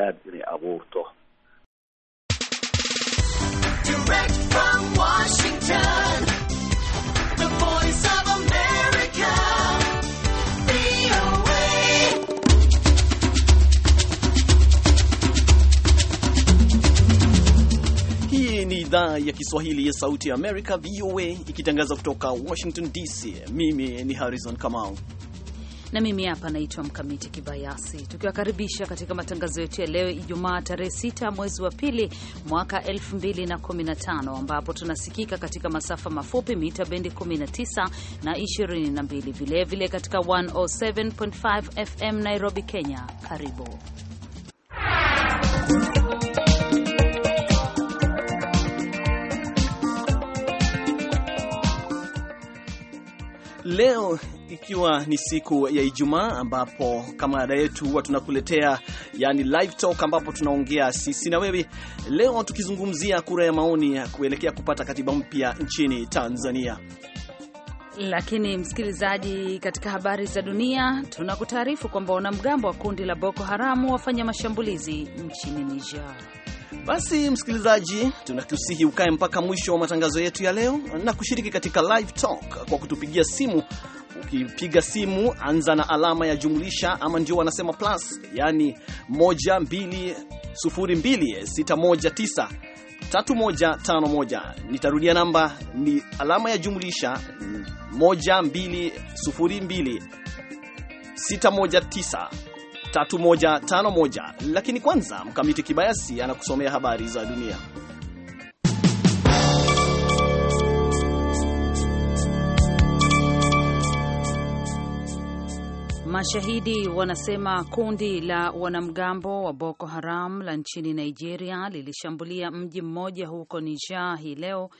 Godfrey Aburto. Direct Hii ni idhaa ya Kiswahili ya Sauti ya Amerika, VOA, ikitangaza kutoka Washington DC. Mimi ni Harrison Kamau na mimi hapa naitwa Mkamiti Kibayasi, tukiwakaribisha katika matangazo yetu ya leo Ijumaa tarehe 6 mwezi wa pili mwaka 2015 ambapo tunasikika katika masafa mafupi mita bendi 19 na 22, vilevile katika 107.5 FM Nairobi, Kenya. Karibu leo ikiwa ni siku ya Ijumaa ambapo kama ada yetu huwa tunakuletea yani live talk, ambapo tunaongea sisi na wewe leo tukizungumzia kura ya maoni ya kuelekea kupata katiba mpya nchini Tanzania. Lakini msikilizaji, katika habari za dunia tunakutaarifu kwamba wanamgambo wa kundi la Boko Haramu wafanya mashambulizi nchini Niger. Basi msikilizaji, tunakusihi ukae mpaka mwisho wa matangazo yetu ya leo na kushiriki katika live talk kwa kutupigia simu Ukipiga simu anza na alama ya jumlisha, ama ndio wanasema plus, yani 12026193151. Nitarudia, namba ni alama ya jumlisha 12026193151. Lakini kwanza Mkamiti Kibayasi anakusomea habari za dunia. Mashahidi wanasema kundi la wanamgambo wa Boko Haram la nchini Nigeria lilishambulia mji mmoja huko Niger hii leo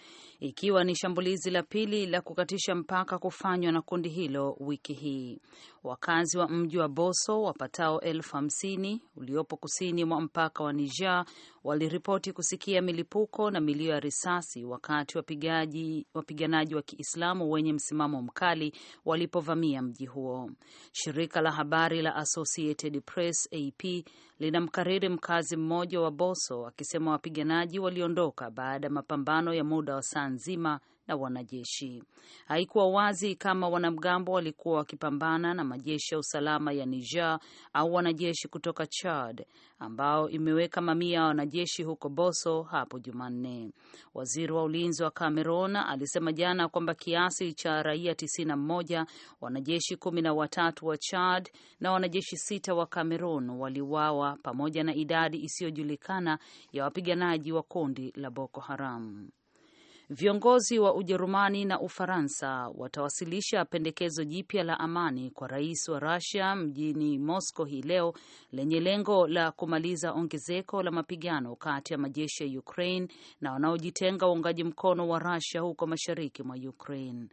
ikiwa ni shambulizi la pili la kukatisha mpaka kufanywa na kundi hilo wiki hii. Wakazi wa mji wa Boso wapatao elfu hamsini uliopo kusini mwa mpaka wa Niger waliripoti kusikia milipuko na milio ya risasi wakati wapigaji, wapiganaji wa Kiislamu wenye msimamo mkali walipovamia mji huo. Shirika la habari la Associated Press AP linamkariri mkazi mmoja wa Boso akisema wapiganaji waliondoka baada ya mapambano ya muda wa saa nzima na wanajeshi. Haikuwa wazi kama wanamgambo walikuwa wakipambana na majeshi ya usalama ya Niger au wanajeshi kutoka Chad, ambao imeweka mamia ya wanajeshi huko Boso hapo Jumanne. Waziri wa ulinzi wa Cameroon alisema jana kwamba kiasi cha raia 91 wanajeshi kumi na watatu wa Chad na wanajeshi sita wa Cameroon waliuawa pamoja na idadi isiyojulikana ya wapiganaji wa kundi la Boko Haram. Viongozi wa Ujerumani na Ufaransa watawasilisha pendekezo jipya la amani kwa rais wa rasia mjini Moscow hii leo lenye lengo la kumaliza ongezeko la mapigano kati ya majeshi ya Ukraine na wanaojitenga uungaji mkono wa rasia huko mashariki mwa Ukraine.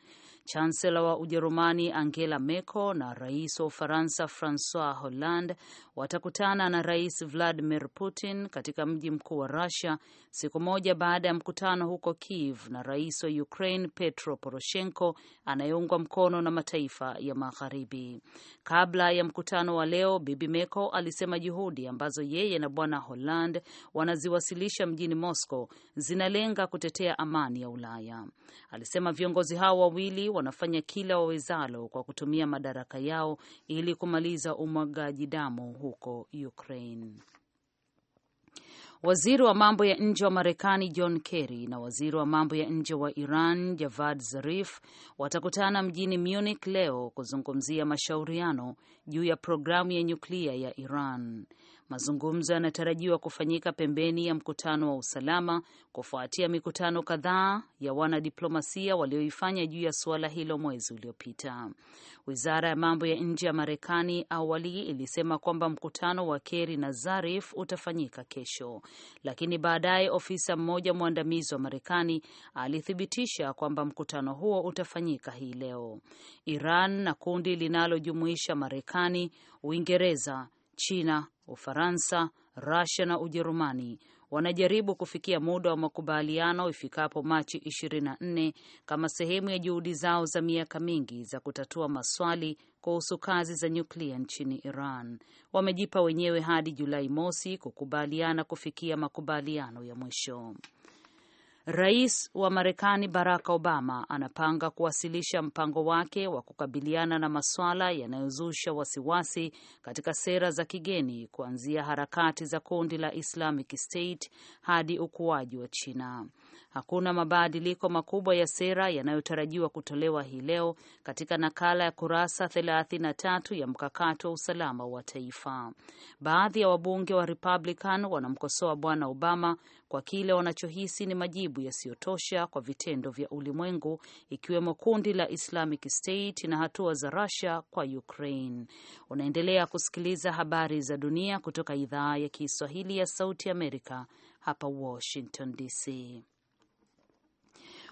Chansela wa Ujerumani Angela Merkel na rais wa Ufaransa Francois Hollande watakutana na rais Vladimir Putin katika mji mkuu wa Russia siku moja baada ya mkutano huko Kiev na rais wa Ukraine Petro Poroshenko anayeungwa mkono na mataifa ya Magharibi. Kabla ya mkutano wa leo, Bibi Merkel alisema juhudi ambazo yeye na bwana Hollande wanaziwasilisha mjini Moscow zinalenga kutetea amani ya Ulaya. Alisema viongozi hao wawili wanafanya kila wawezalo kwa kutumia madaraka yao ili kumaliza umwagaji damu huko Ukraine. Waziri wa mambo ya nje wa Marekani John Kerry na waziri wa mambo ya nje wa Iran Javad Zarif watakutana mjini Munich leo kuzungumzia mashauriano juu ya programu ya nyuklia ya Iran. Mazungumzo yanatarajiwa kufanyika pembeni ya mkutano wa usalama kufuatia mikutano kadhaa ya wanadiplomasia walioifanya juu ya suala hilo mwezi uliopita. Wizara ya mambo ya nje ya Marekani awali ilisema kwamba mkutano wa keri na Zarif utafanyika kesho, lakini baadaye ofisa mmoja mwandamizi wa Marekani alithibitisha kwamba mkutano huo utafanyika hii leo. Iran na kundi linalojumuisha Marekani, Uingereza, China, Ufaransa, Russia na Ujerumani wanajaribu kufikia muda wa makubaliano ifikapo Machi 24 kama sehemu ya juhudi zao za miaka mingi za kutatua maswali kuhusu kazi za nyuklia nchini Iran. Wamejipa wenyewe hadi Julai mosi kukubaliana kufikia makubaliano ya mwisho. Rais wa Marekani Barack Obama anapanga kuwasilisha mpango wake wa kukabiliana na masuala yanayozusha wasiwasi katika sera za kigeni kuanzia harakati za kundi la Islamic State hadi ukuaji wa China. Hakuna mabadiliko makubwa ya sera yanayotarajiwa kutolewa hii leo katika nakala ya kurasa 33 ya mkakati wa usalama wa taifa. Baadhi ya wabunge wa Republican wanamkosoa Bwana Obama kwa kile wanachohisi ni majibu yasiyotosha kwa vitendo vya ulimwengu ikiwemo kundi la Islamic State na hatua za Russia kwa Ukraine. Unaendelea kusikiliza habari za dunia kutoka idhaa ya Kiswahili ya Sauti Amerika hapa Washington DC.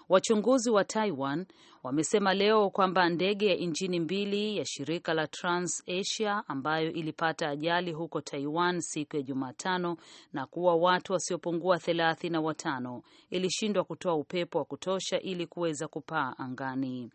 Wachunguzi wa Taiwan wamesema leo kwamba ndege ya injini mbili ya shirika la TransAsia ambayo ilipata ajali huko Taiwan siku ya Jumatano na kuwa watu wasiopungua thelathini na watano ilishindwa kutoa upepo wa kutosha ili kuweza kupaa angani.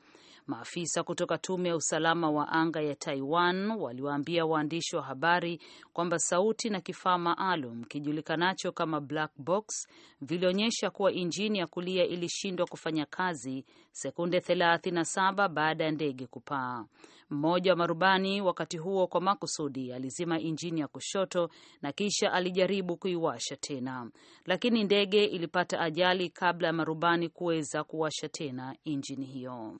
Maafisa kutoka tume ya usalama wa anga ya Taiwan waliwaambia waandishi wa habari kwamba sauti na kifaa maalum kijulikanacho kama black box vilionyesha kuwa injini ya kulia ilishindwa kufanya kazi sekunde 37 baada ya ndege kupaa. Mmoja wa marubani wakati huo kwa makusudi alizima injini ya kushoto na kisha alijaribu kuiwasha tena, lakini ndege ilipata ajali kabla ya marubani kuweza kuwasha tena injini hiyo.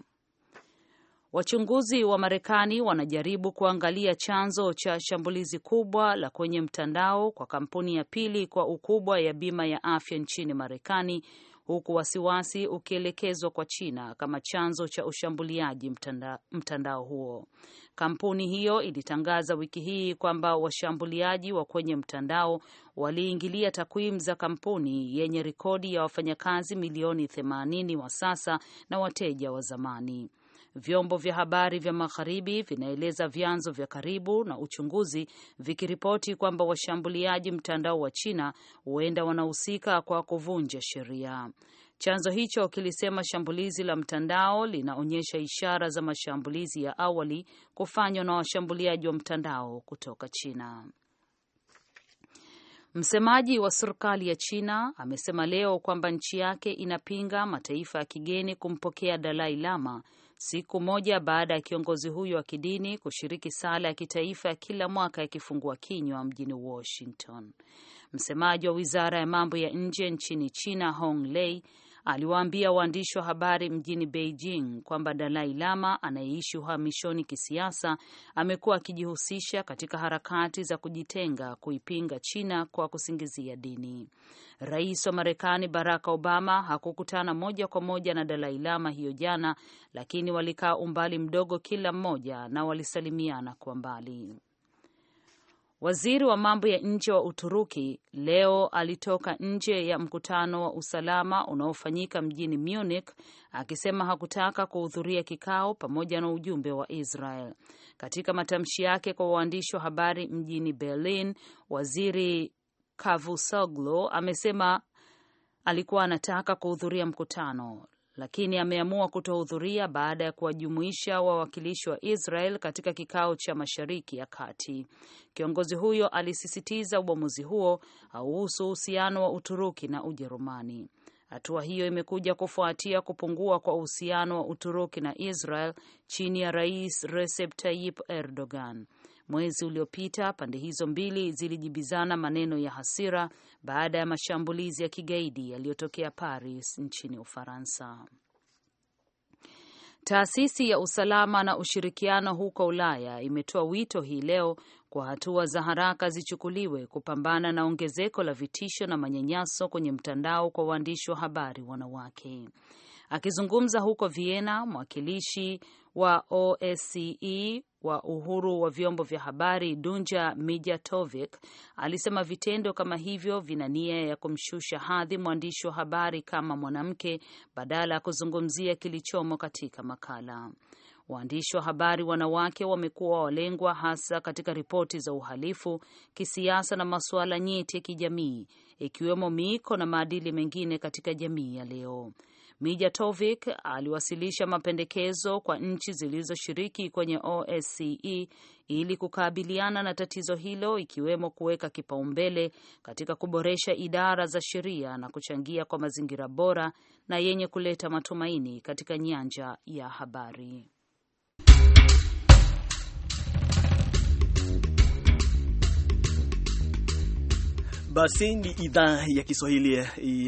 Wachunguzi wa Marekani wanajaribu kuangalia chanzo cha shambulizi kubwa la kwenye mtandao kwa kampuni ya pili kwa ukubwa ya bima ya afya nchini Marekani, huku wasiwasi ukielekezwa kwa China kama chanzo cha ushambuliaji mtanda, mtandao huo. Kampuni hiyo ilitangaza wiki hii kwamba washambuliaji wa kwenye mtandao waliingilia takwimu za kampuni yenye rekodi ya wafanyakazi milioni 80 wa sasa na wateja wa zamani. Vyombo vya habari vya magharibi vinaeleza vyanzo vya karibu na uchunguzi vikiripoti kwamba washambuliaji mtandao wa China huenda wanahusika kwa kuvunja sheria. Chanzo hicho kilisema shambulizi la mtandao linaonyesha ishara za mashambulizi ya awali kufanywa na washambuliaji wa mtandao kutoka China. Msemaji wa serikali ya China amesema leo kwamba nchi yake inapinga mataifa ya kigeni kumpokea Dalai Lama siku moja baada ya kiongozi huyo wa kidini kushiriki sala ya kitaifa ya kila mwaka ya kifungua kinywa mjini Washington. Msemaji wa wizara ya mambo ya nje nchini China, Hong Lei, aliwaambia waandishi wa habari mjini Beijing kwamba Dalai Lama anayeishi uhamishoni kisiasa amekuwa akijihusisha katika harakati za kujitenga kuipinga China kwa kusingizia dini. Rais wa Marekani Barack Obama hakukutana moja kwa moja na Dalai Lama hiyo jana, lakini walikaa umbali mdogo kila mmoja na walisalimiana kwa mbali. Waziri wa mambo ya nje wa Uturuki leo alitoka nje ya mkutano wa usalama unaofanyika mjini Munich akisema hakutaka kuhudhuria kikao pamoja na ujumbe wa Israel. Katika matamshi yake kwa waandishi wa habari mjini Berlin, waziri Kavusoglu amesema alikuwa anataka kuhudhuria mkutano lakini ameamua kutohudhuria baada ya kuwajumuisha wawakilishi wa Israel katika kikao cha Mashariki ya Kati. Kiongozi huyo alisisitiza uamuzi huo hauhusu uhusiano wa Uturuki na Ujerumani. Hatua hiyo imekuja kufuatia kupungua kwa uhusiano wa Uturuki na Israel chini ya Rais Recep Tayyip Erdogan. Mwezi uliopita pande hizo mbili zilijibizana maneno ya hasira baada ya mashambulizi ya kigaidi yaliyotokea Paris nchini Ufaransa. Taasisi ya usalama na ushirikiano huko Ulaya imetoa wito hii leo kwa hatua za haraka zichukuliwe kupambana na ongezeko la vitisho na manyanyaso kwenye mtandao kwa waandishi wa habari wanawake. Akizungumza huko Vienna, mwakilishi wa OSCE wa uhuru wa vyombo vya habari Dunja Mijatovic alisema vitendo kama hivyo vina nia ya kumshusha hadhi mwandishi wa habari kama mwanamke badala ya kuzungumzia kilichomo katika makala. Waandishi wa habari wanawake wamekuwa walengwa hasa katika ripoti za uhalifu, kisiasa na masuala nyeti ya kijamii, ikiwemo miiko na maadili mengine katika jamii ya leo. Mijatovic aliwasilisha mapendekezo kwa nchi zilizoshiriki kwenye OSCE ili kukabiliana na tatizo hilo ikiwemo kuweka kipaumbele katika kuboresha idara za sheria na kuchangia kwa mazingira bora na yenye kuleta matumaini katika nyanja ya habari. Basi ni idhaa ya Kiswahili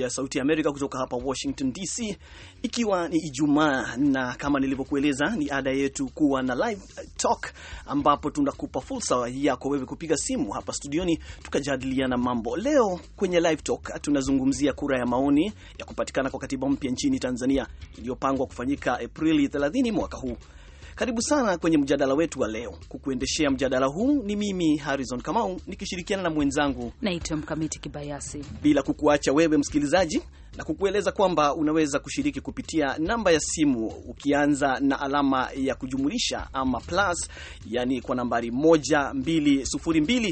ya Sauti ya Amerika kutoka hapa Washington DC, ikiwa ni Ijumaa na kama nilivyokueleza, ni ada yetu kuwa na live talk, ambapo tunakupa fursa yako wewe kupiga simu hapa studioni tukajadiliana mambo. Leo kwenye live talk tunazungumzia kura ya maoni ya kupatikana kwa katiba mpya nchini Tanzania iliyopangwa kufanyika Aprili 30 mwaka huu. Karibu sana kwenye mjadala wetu wa leo. Kukuendeshea mjadala huu ni mimi Harrison Kamau nikishirikiana na mwenzangu naitwa Mkamiti Kibayasi, bila kukuacha wewe msikilizaji na kukueleza kwamba unaweza kushiriki kupitia namba ya simu ukianza na alama ya kujumulisha ama plus, yani kwa nambari mbili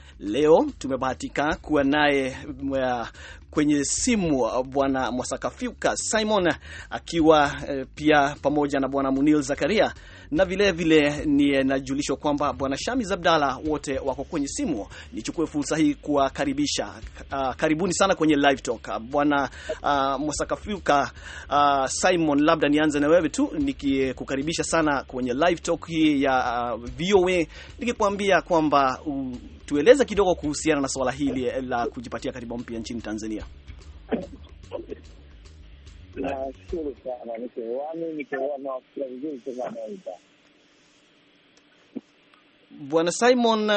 Leo tumebahatika kuwa naye eh, kwenye simu eh, Bwana Mwasakafiuka Simon eh, akiwa e, pia pamoja na Bwana Munil Zakaria na vilevile ninajulishwa kwamba Bwana Shamis Abdalla wote wako kwenye simu. Nichukue fursa hii kuwakaribisha, ah, karibuni sana kwenye live talk. Bwana uh, Simon, labda nianze na wewe tu nikikukaribisha sana kwenye live talk hii ya uh, VOA nikikwambia kwamba mm, tueleze kidogo kuhusiana na swala hili eh, la kujipatia katiba mpya nchini Tanzania. Nashukuru sana, nikiwanawakia vizuri eh, sana Bwana Simon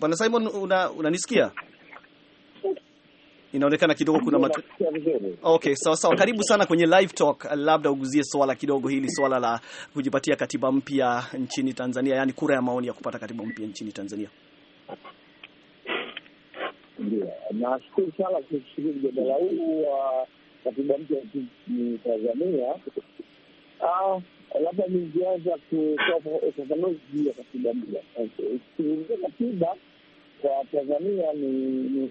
Bwana Simon, unanisikia una inaonekana kidogo kuna mat... Okay, sawa sawa, karibu sana kwenye live talk. Labda uguzie swala kidogo hili swala la kujipatia katiba mpya nchini Tanzania, yaani kura ya maoni ya kupata katiba mpya nchini Tanzania. Ndio, nashukuru sana kushiriki mjadala huu wa katiba mpya nchini Tanzania. Ah, labda juu ya katiba mpya. Katiba kwa Tanzania ni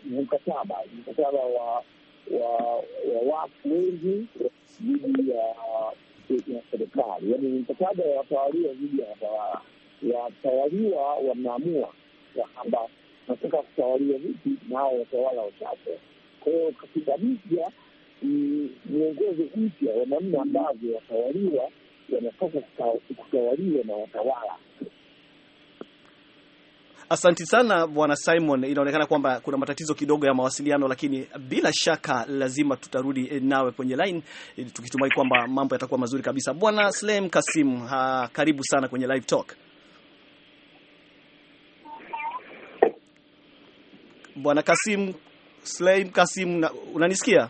mkataba, mkataba wa watu wengi dhidi ya serikali, yaani mkataba ya watawaliwa dhidi ya watawala. Watawaliwa wanaamua kwamba nataka kutawaliwa vipi na watawala wachache. Kwa hiyo katiba mpya ni mwongozo mpya wa namna ambavyo watawaliwa wanapaswa kutawaliwa na watawala. Asanti sana bwana Simon, inaonekana kwamba kuna matatizo kidogo ya mawasiliano, lakini bila shaka lazima tutarudi eh, nawe kwenye line, eh, tukitumai kwamba mambo yatakuwa mazuri kabisa. Bwana Slem Kasim, ha, karibu sana kwenye live talk. Bwana Kasim, Slem Kasim, unanisikia?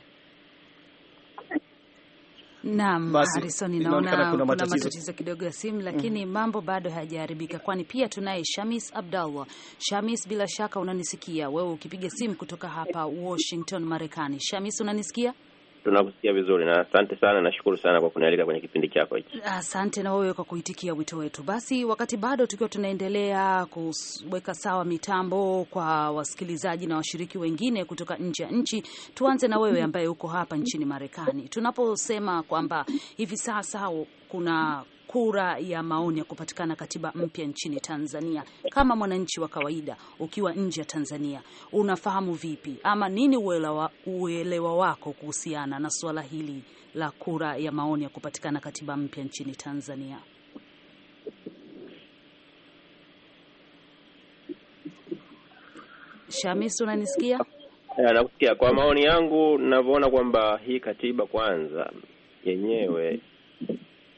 Naam, Harrison, naona kuna matatizo kidogo ya simu, mm-hmm. lakini mm -hmm. mambo bado hayajaharibika, kwani pia tunaye Shamis Abdallah. Shamis, bila shaka unanisikia wewe ukipiga simu kutoka hapa Washington, Marekani. Shamis, unanisikia? Tunakusikia vizuri na asante sana, nashukuru sana kwa kunialika kwenye kipindi chako hichi Asante na wewe kwa kuitikia wito wetu. Basi wakati bado tukiwa tunaendelea kuweka sawa mitambo kwa wasikilizaji na washiriki wengine kutoka nje ya nchi, tuanze na wewe ambaye uko hapa nchini Marekani. Tunaposema kwamba hivi sasa kuna kura ya maoni ya kupatikana katiba mpya nchini Tanzania, kama mwananchi wa kawaida ukiwa nje ya Tanzania, unafahamu vipi ama nini uelewa, uelewa wako kuhusiana na suala hili la kura ya maoni ya kupatikana katiba mpya nchini Tanzania? Shamis, unanisikia? Nakusikia. Kwa maoni yangu, ninavyoona kwamba hii katiba kwanza yenyewe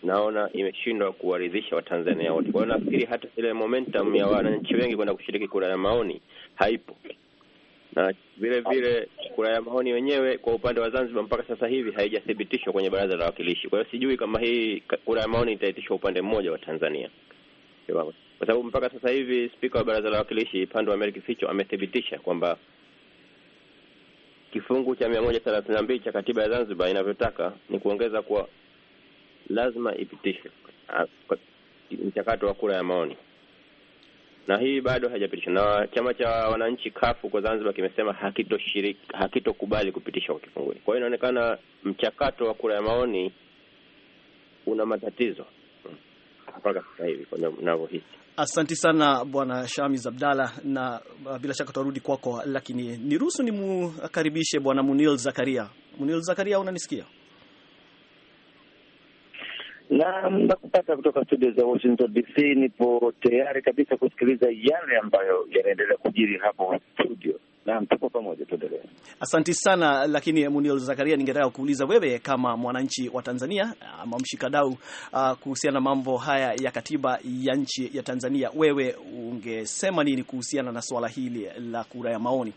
naona imeshindwa kuwaridhisha Watanzania wote. Kwa hiyo nafikiri hata ile momentum ya wananchi wengi kwenda kushiriki kura ya maoni haipo, na vile vile kura ya maoni wenyewe kwa upande wa Zanzibar mpaka sasa hivi haijathibitishwa kwenye Baraza la Wawakilishi. Kwa hiyo sijui kama hii kura ya maoni itaitishwa upande mmoja wa Tanzania, kwa sababu mpaka sasa hivi spika wa Baraza la Wawakilishi wa Amerika Ficho amethibitisha kwamba kifungu cha mia moja thelathini na mbili cha katiba ya Zanzibar inavyotaka ni kuongeza kwa lazima ipitishwe ah, mchakato wa kura ya maoni, na hii bado haijapitishwa. Na chama cha wananchi kafu kwa Zanzibar kimesema hakitoshiriki, hakitokubali kupitishwa kwa kifungu. Kwa hiyo inaonekana mchakato wa kura ya maoni una matatizo mpaka sasa hivi navyohisi. Asanti sana Bwana Shamis Abdalla, na uh, bila shaka tutarudi kwako, lakini niruhusu nimkaribishe Bwana Munil Zakaria. Munil Zakaria, unanisikia? na nakupata kutoka studio za Washington DC. Nipo tayari kabisa kusikiliza yale ambayo yanaendelea kujiri hapo studio. Naam, tuko pamoja, tuendelee. Asanti sana. Lakini Munio Zakaria, ningetaka kuuliza wewe kama mwananchi wa Tanzania ama mshikadau ah, kuhusiana na mambo haya ya katiba ya nchi ya Tanzania, wewe ungesema nini kuhusiana na swala hili la kura ya maoni?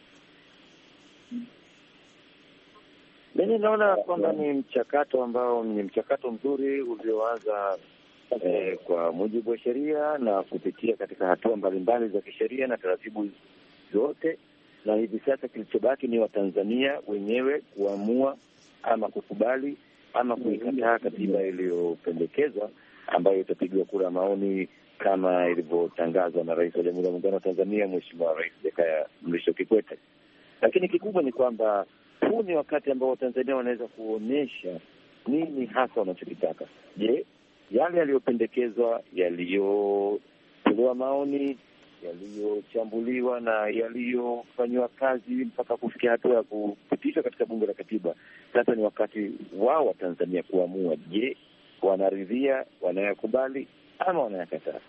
Mimi naona kwamba ni mchakato ambao ni mchakato mzuri ulioanza eh, kwa mujibu wa sheria na kupitia katika hatua mbalimbali za kisheria na taratibu zote, na hivi sasa kilichobaki ni Watanzania wenyewe kuamua ama kukubali ama kuikataa katiba iliyopendekezwa ambayo itapigwa kura maoni kama ilivyotangazwa na Rais wa Jamhuri ya Muungano wa Tanzania Mheshimiwa Rais Jakaya Mrisho Kikwete. Lakini kikubwa ni kwamba huu ni wakati ambao Watanzania wanaweza kuonyesha nini hasa wanachokitaka. Je, yale yaliyopendekezwa, yaliyotolewa maoni, yaliyochambuliwa na yaliyofanyiwa kazi mpaka kufikia hatua ya kupitishwa katika Bunge la Katiba, sasa ni wakati wao Watanzania kuamua, je, wanaridhia, wanayakubali ama wanayakataa.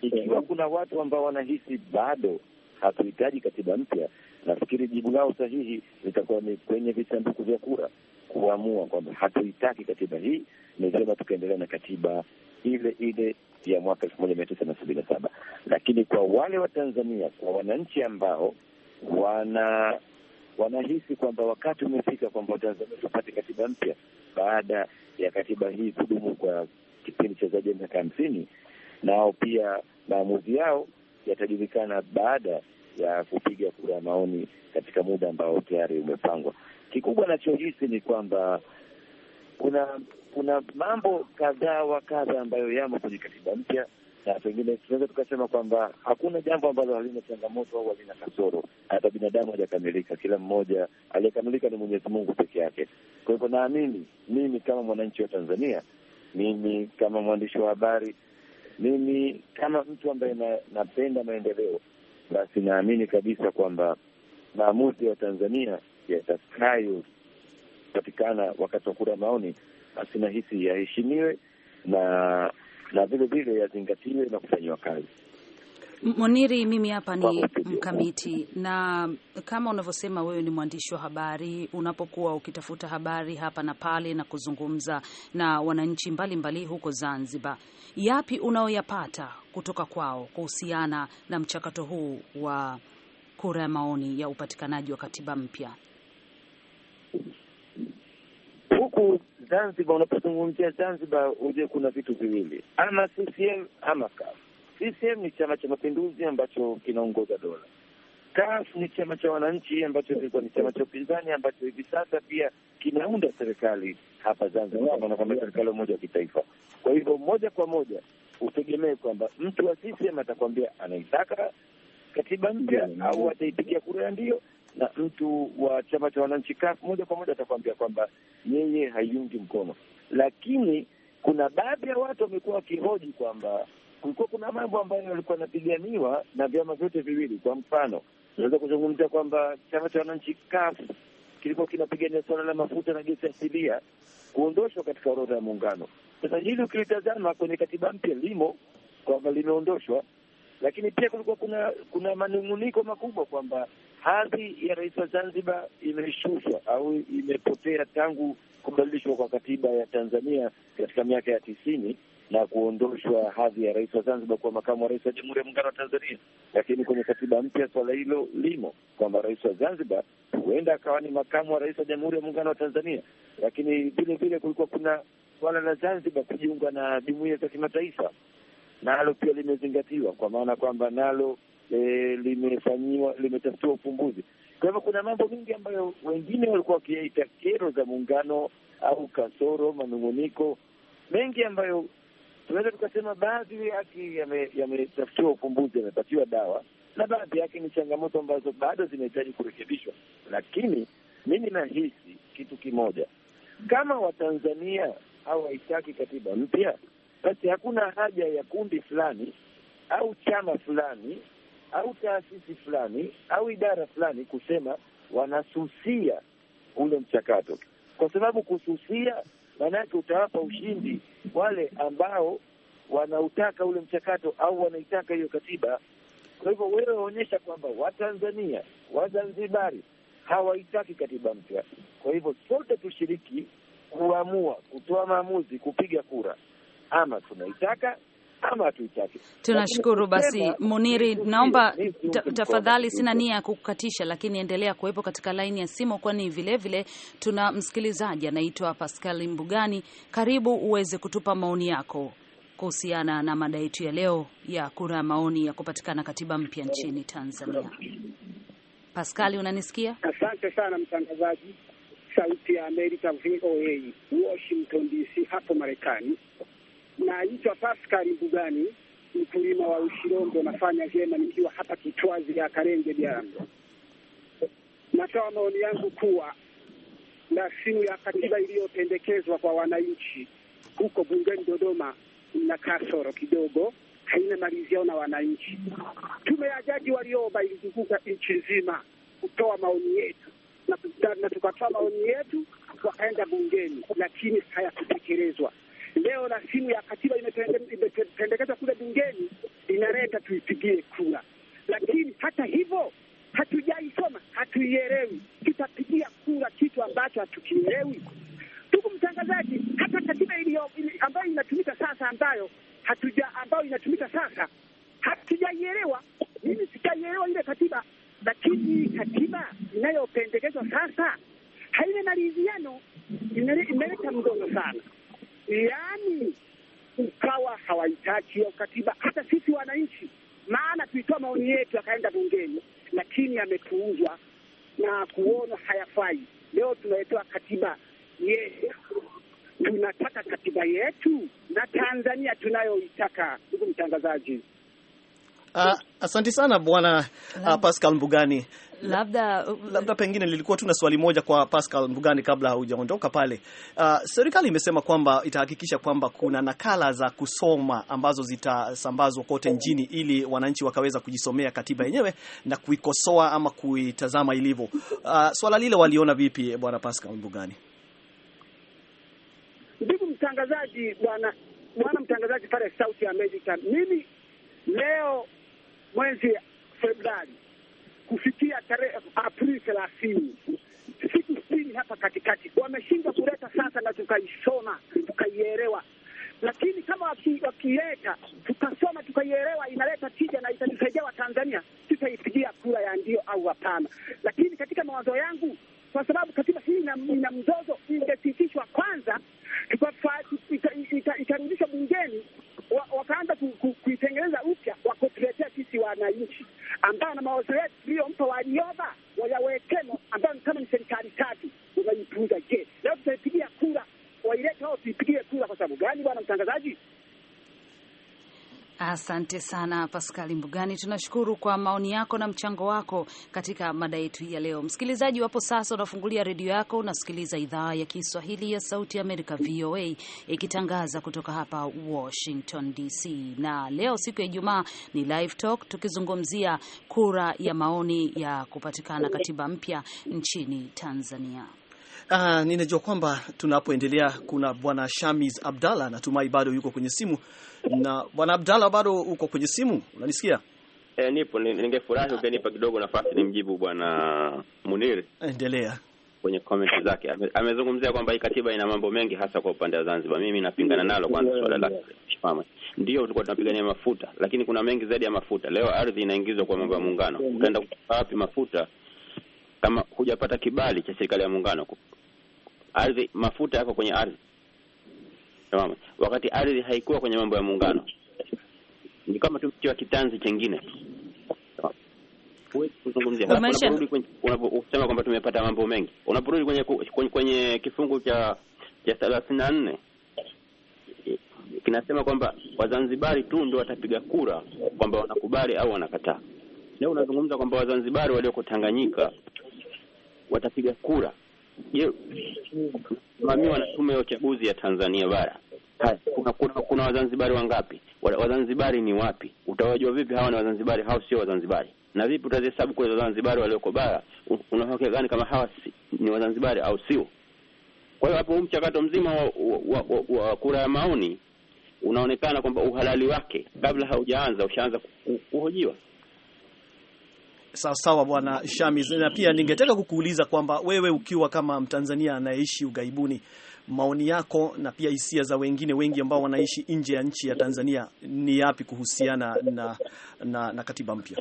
Ikiwa kuna watu ambao wanahisi bado hatuhitaji katiba mpya, Nafikiri jibu lao sahihi litakuwa ni kwenye visanduku vya kura kuamua kwamba hatuitaki katiba hii, ni vyema tukaendelea na katiba ile ile ya mwaka elfu moja mia tisa na sabini na saba. Lakini kwa wale wa Tanzania, kwa wananchi ambao wana wanahisi kwamba wakati umefika kwamba Watanzania tupate katiba mpya baada ya katiba hii kudumu kwa kipindi cha zaidi ya miaka hamsini, nao pia maamuzi yao yatajulikana baada ya kupiga kura ya maoni katika muda ambao tayari umepangwa. Kikubwa nachohisi ni kwamba kuna kuna mambo kadhaa wa kadha ambayo yamo kwenye katiba mpya, na pengine tunaweza tukasema kwamba hakuna jambo ambalo halina changamoto au halina kasoro. Hata binadamu hajakamilika, kila mmoja aliyekamilika ni Mwenyezi Mungu peke yake. Kwa hivyo naamini mimi kama mwananchi wa Tanzania, mimi kama mwandishi wa habari, mimi kama mtu ambaye na, napenda maendeleo basi naamini kabisa kwamba maamuzi ya Tanzania yatakayopatikana wakati wa kura maoni, basi nahisi yaheshimiwe na na vile vile yazingatiwe na kufanyiwa kazi. Moniri, mimi hapa ni mkamiti, na kama unavyosema wewe ni mwandishi wa habari, unapokuwa ukitafuta habari hapa na pale na kuzungumza na wananchi mbalimbali mbali huko Zanzibar, yapi unaoyapata kutoka kwao kuhusiana na mchakato huu wa kura ya maoni ya upatikanaji wa katiba mpya huku Zanzibar? Unapozungumzia Zanzibar, hujue kuna vitu viwili, ama CCM ama kafu CCM ni chama cha mapinduzi ambacho kinaongoza dola. CUF ni chama cha wananchi ambacho kilikuwa ni chama cha upinzani ambacho hivi sasa pia kinaunda serikali hapa Zanzibar, kwa maana kwamba serikali ya umoja wa kitaifa. Kwa hivyo moja kwa moja utegemee kwamba mtu wa CCM atakwambia anaitaka katiba mpya au ataipigia kura ya ndio, na mtu wa chama cha wananchi CUF moja kwa moja atakwambia kwamba yeye haiungi mkono, lakini kuna baadhi ya watu wamekuwa wakihoji kwamba kulikuwa kuna mambo ambayo yalikuwa yanapiganiwa na vyama vyote viwili. Kwa mfano, tunaweza kuzungumzia kwamba chama cha wananchi kafu kilikuwa kinapigania suala la mafuta na gesi asilia kuondoshwa katika orodha ya muungano. Sasa hili ukilitazama kwenye katiba mpya limo kwamba limeondoshwa, lakini pia kulikuwa kuna kuna manung'uniko makubwa kwamba hadhi ya rais wa Zanzibar imeshushwa au imepotea tangu kubadilishwa kwa katiba ya Tanzania katika miaka ya tisini na kuondoshwa hadhi ya rais wa Zanzibar kuwa makamu wa rais wa Jamhuri ya Muungano wa Tanzania. Lakini kwenye katiba mpya suala hilo limo kwamba rais wa Zanzibar huenda akawa ni makamu wa rais wa Jamhuri ya Muungano wa Tanzania. Lakini vile vile kulikuwa kuna suala la Zanzibar kujiunga na jumuiya za kimataifa, nalo pia limezingatiwa kwa maana kwamba nalo e, limefanyiwa limetafutiwa ufumbuzi. Kwa hivyo kuna mambo mengi ambayo wengine walikuwa wakiyaita kero za muungano au kasoro, manung'uniko mengi ambayo tunaweza tukasema baadhi yake yametafutiwa ufumbuzi, yamepatiwa dawa na baadhi yake ni changamoto ambazo bado zinahitaji kurekebishwa. Lakini mimi nahisi kitu kimoja, kama Watanzania hawaitaki katiba mpya, basi hakuna haja ya kundi fulani au chama fulani au taasisi fulani au idara fulani kusema wanasusia ule mchakato, kwa sababu kususia maanake utawapa ushindi wale ambao wanautaka ule mchakato au wanaitaka hiyo katiba. Kwa hivyo wewe waonyesha kwamba Watanzania, Wazanzibari hawaitaki katiba mpya. Kwa hivyo sote tushiriki kuamua, kutoa maamuzi, kupiga kura, ama tunaitaka kama chake. Tunashukuru basi, Muniri, naomba tafadhali, sina nia ya kukatisha, lakini endelea kuwepo katika laini ya simu, kwani vilevile tuna msikilizaji anaitwa Pascal Mbugani. Karibu uweze kutupa maoni yako kuhusiana na mada yetu ya leo ya kura ya maoni ya kupatikana katiba mpya nchini Tanzania. Pascal, unanisikia? Asante sana mtangazaji, Sauti ya Amerika, VOA, Washington DC, hapo Marekani naitwa Pascal Mbugani, mkulima wa Ushirombo, nafanya vyema nikiwa hapa Kitwazi ya Karenge Biarambo. Natoa maoni yangu kuwa rasimu ya katiba iliyopendekezwa kwa wananchi huko bungeni Dodoma ina kasoro kidogo, haina malizio na wananchi. Tume ya Jaji Warioba ilizunguka nchi nzima kutoa maoni yetu na tukatoa maoni yetu, wakaenda bungeni, lakini hayakutekelezwa leo na simu ya katiba imetengenezwa Asante sana bwana uh, Pascal Mbugani. Labda uh, labda pengine nilikuwa tu na swali moja kwa Pascal Mbugani kabla haujaondoka pale. Uh, serikali imesema kwamba itahakikisha kwamba kuna nakala za kusoma ambazo zitasambazwa kote nchini ili wananchi wakaweza kujisomea katiba yenyewe na kuikosoa ama kuitazama ilivyo. Uh, swala lile waliona vipi bwana Pascal Mbugani? Ndugu mtangazaji, bwana bwana mtangazaji pale South America, mimi leo mwezi Februari kufikia tarehe Aprili thelathini, siku sitini hapa katikati wameshindwa kuleta sasa, na tukaisoma tukaielewa. Lakini kama wakileta tukasoma tukaielewa, inaleta tija na itatusaidia Watanzania, tutaipigia kura ya ndio au hapana. Lakini katika mawazo yangu, kwa sababu katiba hii ina mzozo, ingesitishwa kwanza, ita bungeni wakaanza kuitengeneza ku, upya wakutuletea sisi wananchi, ambao na mawazo yetu tuliyompa Warioba wayaweke Asante sana Paskali Mbugani, tunashukuru kwa maoni yako na mchango wako katika mada yetu ya leo. Msikilizaji wapo sasa, unafungulia redio yako, unasikiliza idhaa ya Kiswahili ya Sauti ya Amerika, VOA, ikitangaza kutoka hapa Washington DC. Na leo siku ya Ijumaa ni Live Talk, tukizungumzia kura ya maoni ya kupatikana katiba mpya nchini Tanzania. Uh, ninajua kwamba tunapoendelea kuna Bwana Shamis Abdallah, natumai bado yuko kwenye simu na bwana Abdalla, bado uko kwenye simu, unanisikia? E, nipo. Ningefurahi ungenipa kidogo nafasi nimjibu bwana Munir. Endelea kwenye comment zake. Amezungumzia kwamba hii katiba ina mambo mengi, hasa kwa upande wa Zanzibar. Mimi napingana nalo. Kwanza swala la shimama, ndio tulikuwa tunapigania mafuta, lakini kuna mengi zaidi ya mafuta. Leo ardhi inaingizwa kwa mambo ya muungano. Utaenda wapi mafuta kama hujapata kibali cha serikali ya muungano? Ardhi, mafuta yako kwenye ardhi Tamam. Wakati ardhi haikuwa kwenye mambo ya muungano, ni kama tu mkiwa kitanzi chengine unaposema kwamba tumepata mambo mengi, unaporudi kwenye kwenye, kwenye kifungu cha cha thelathini na nne kinasema kwamba Wazanzibari tu ndio watapiga kura kwamba wanakubali au wanakataa. Leo unazungumza kwamba Wazanzibari walioko Tanganyika watapiga kura. Je, mamiwa na tume ya uchaguzi ya Tanzania bara kuna, kuna, kuna Wazanzibari wangapi? Wazanzibari ni wapi? Utawajua vipi hawa ni Wazanzibari, hao sio Wazanzibari? Na vipi utazihesabu kwa Wazanzibari walioko bara? Una gani kama hawa si, ni Wazanzibari au sio? Kwa hiyo hapo mchakato mzima wa, wa, wa, wa kura ya maoni unaonekana kwamba uhalali wake kabla haujaanza ushaanza kuhojiwa. Sawa sawa, Bwana Shamiz, na pia ningetaka kukuuliza kwamba wewe ukiwa kama Mtanzania anayeishi ughaibuni maoni yako na pia hisia za wengine wengi ambao wanaishi nje ya nchi ya Tanzania ni yapi kuhusiana na, na, na katiba mpya?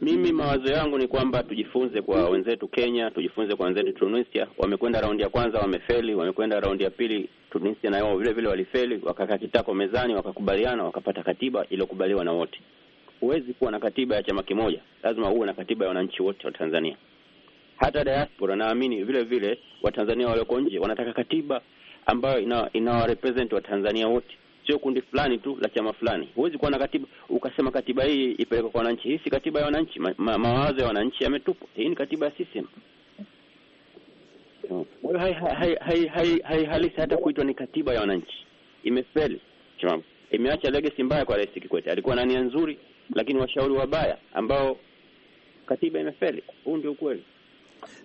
Mimi mawazo yangu ni kwamba tujifunze kwa wenzetu Kenya, tujifunze kwa wenzetu Tunisia. Wamekwenda raundi ya kwanza wamefeli, wamekwenda raundi ya pili Tunisia na wao vile vile walifeli, wakakaa kitako mezani, wakakubaliana, wakapata katiba iliyokubaliwa na wote. Huwezi kuwa na katiba ya chama kimoja, lazima uwe na katiba ya wananchi wote wa Tanzania hata diaspora naamini vile vile Watanzania walioko nje wanataka katiba ambayo ina, Watanzania wote, sio kundi fulani tu la chama fulani. Huwezi kuwa na katiba ukasema katiba hii ipelekwe kwa wananchi. Hii si katiba ya wananchi, ma, ma, mawazo ya wananchi yametupwa. Hii ni katiba ya CCM. Mm. Kwa hiyo haihalisi hata kuitwa ni katiba ya wananchi, imefeli. Imeacha legacy mbaya kwa Rais Kikwete. Alikuwa na nia nzuri, lakini washauri wabaya ambao katiba imefeli. Huu ndio ukweli.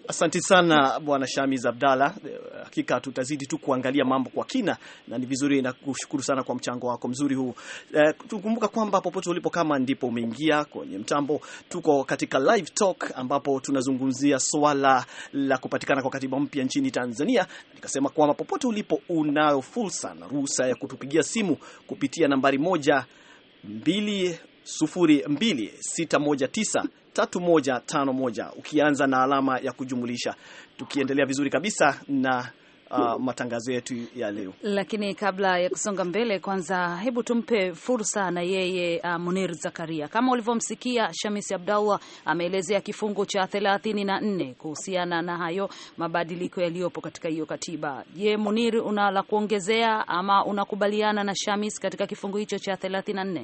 Asanti sana Bwana Shamis Abdalla, eh, hakika tutazidi tu kuangalia mambo kwa kina na ni vizuri, na kushukuru sana kwa mchango wako mzuri huu. E, tukumbuka kwamba popote ulipo, kama ndipo umeingia kwenye mtambo, tuko katika live talk ambapo tunazungumzia swala la kupatikana kwa katiba mpya nchini Tanzania. Nikasema kwamba popote ulipo, unayo fursa na ruhusa ya kutupigia simu kupitia nambari moja mbili 0226193151 ukianza na alama ya kujumulisha, tukiendelea vizuri kabisa na Uh, matangazo yetu ya leo. Lakini kabla ya kusonga mbele, kwanza hebu tumpe fursa na yeye uh, Munir Zakaria. Kama ulivyomsikia Shamisi Abdallah ameelezea kifungu cha 34 kuhusiana na hayo mabadiliko yaliyopo katika hiyo katiba. Je, Munir una la kuongezea ama unakubaliana na Shamis katika kifungu hicho cha 34?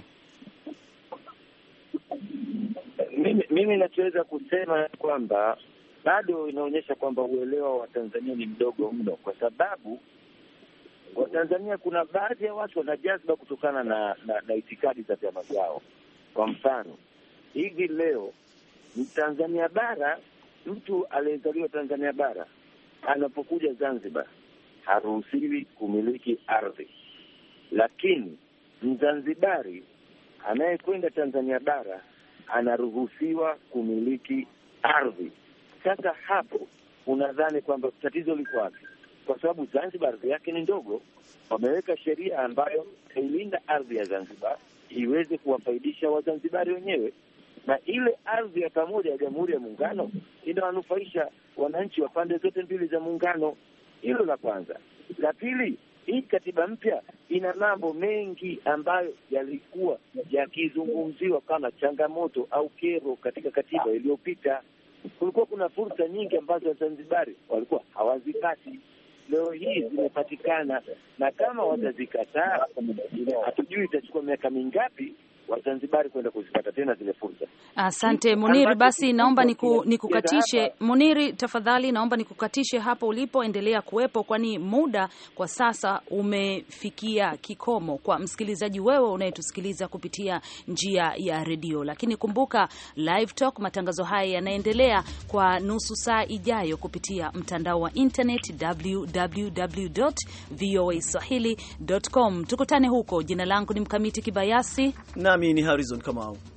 Mimi, mimi nachoweza kusema kwamba bado inaonyesha kwamba uelewa wa Tanzania ni mdogo mno, kwa sababu Watanzania kuna baadhi ya watu wana jazba kutokana na, na, na itikadi za vyama vyao. Kwa mfano hivi leo Tanzania bara, mtu aliyezaliwa Tanzania bara anapokuja Zanzibar haruhusiwi kumiliki ardhi, lakini Mzanzibari anayekwenda Tanzania bara anaruhusiwa kumiliki ardhi. Sasa hapo unadhani kwamba tatizo liko wapi? Kwa sababu Zanzibar ardhi yake ni ndogo, wameweka sheria ambayo ilinda ardhi ya Zanzibar iweze kuwafaidisha Wazanzibari wenyewe, na ile ardhi ya pamoja ya Jamhuri ya Muungano inawanufaisha wananchi wa pande zote mbili za Muungano. Hilo la kwanza. La pili, hii katiba mpya ina mambo mengi ambayo yalikuwa yakizungumziwa kama changamoto au kero katika katiba iliyopita. Kulikuwa kuna fursa nyingi ambazo Wazanzibari walikuwa hawazipati, leo hii zimepatikana, na kama watazikataa, hatujui itachukua miaka mingapi Wazanzibari kwenda kuzipata tena zile fursa. Asante Muniri, basi naomba niku, nikukatishe Muniri, tafadhali naomba nikukatishe hapo ulipo, endelea kuwepo kwani muda kwa sasa umefikia kikomo kwa msikilizaji wewe unayetusikiliza kupitia njia ya redio. Lakini kumbuka Live Talk, matangazo haya yanaendelea kwa nusu saa ijayo kupitia mtandao wa internet www.voaswahili.com. Tukutane huko. Jina langu ni Mkamiti Kibayasi na nami ni Harrison Kamau.